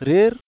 réer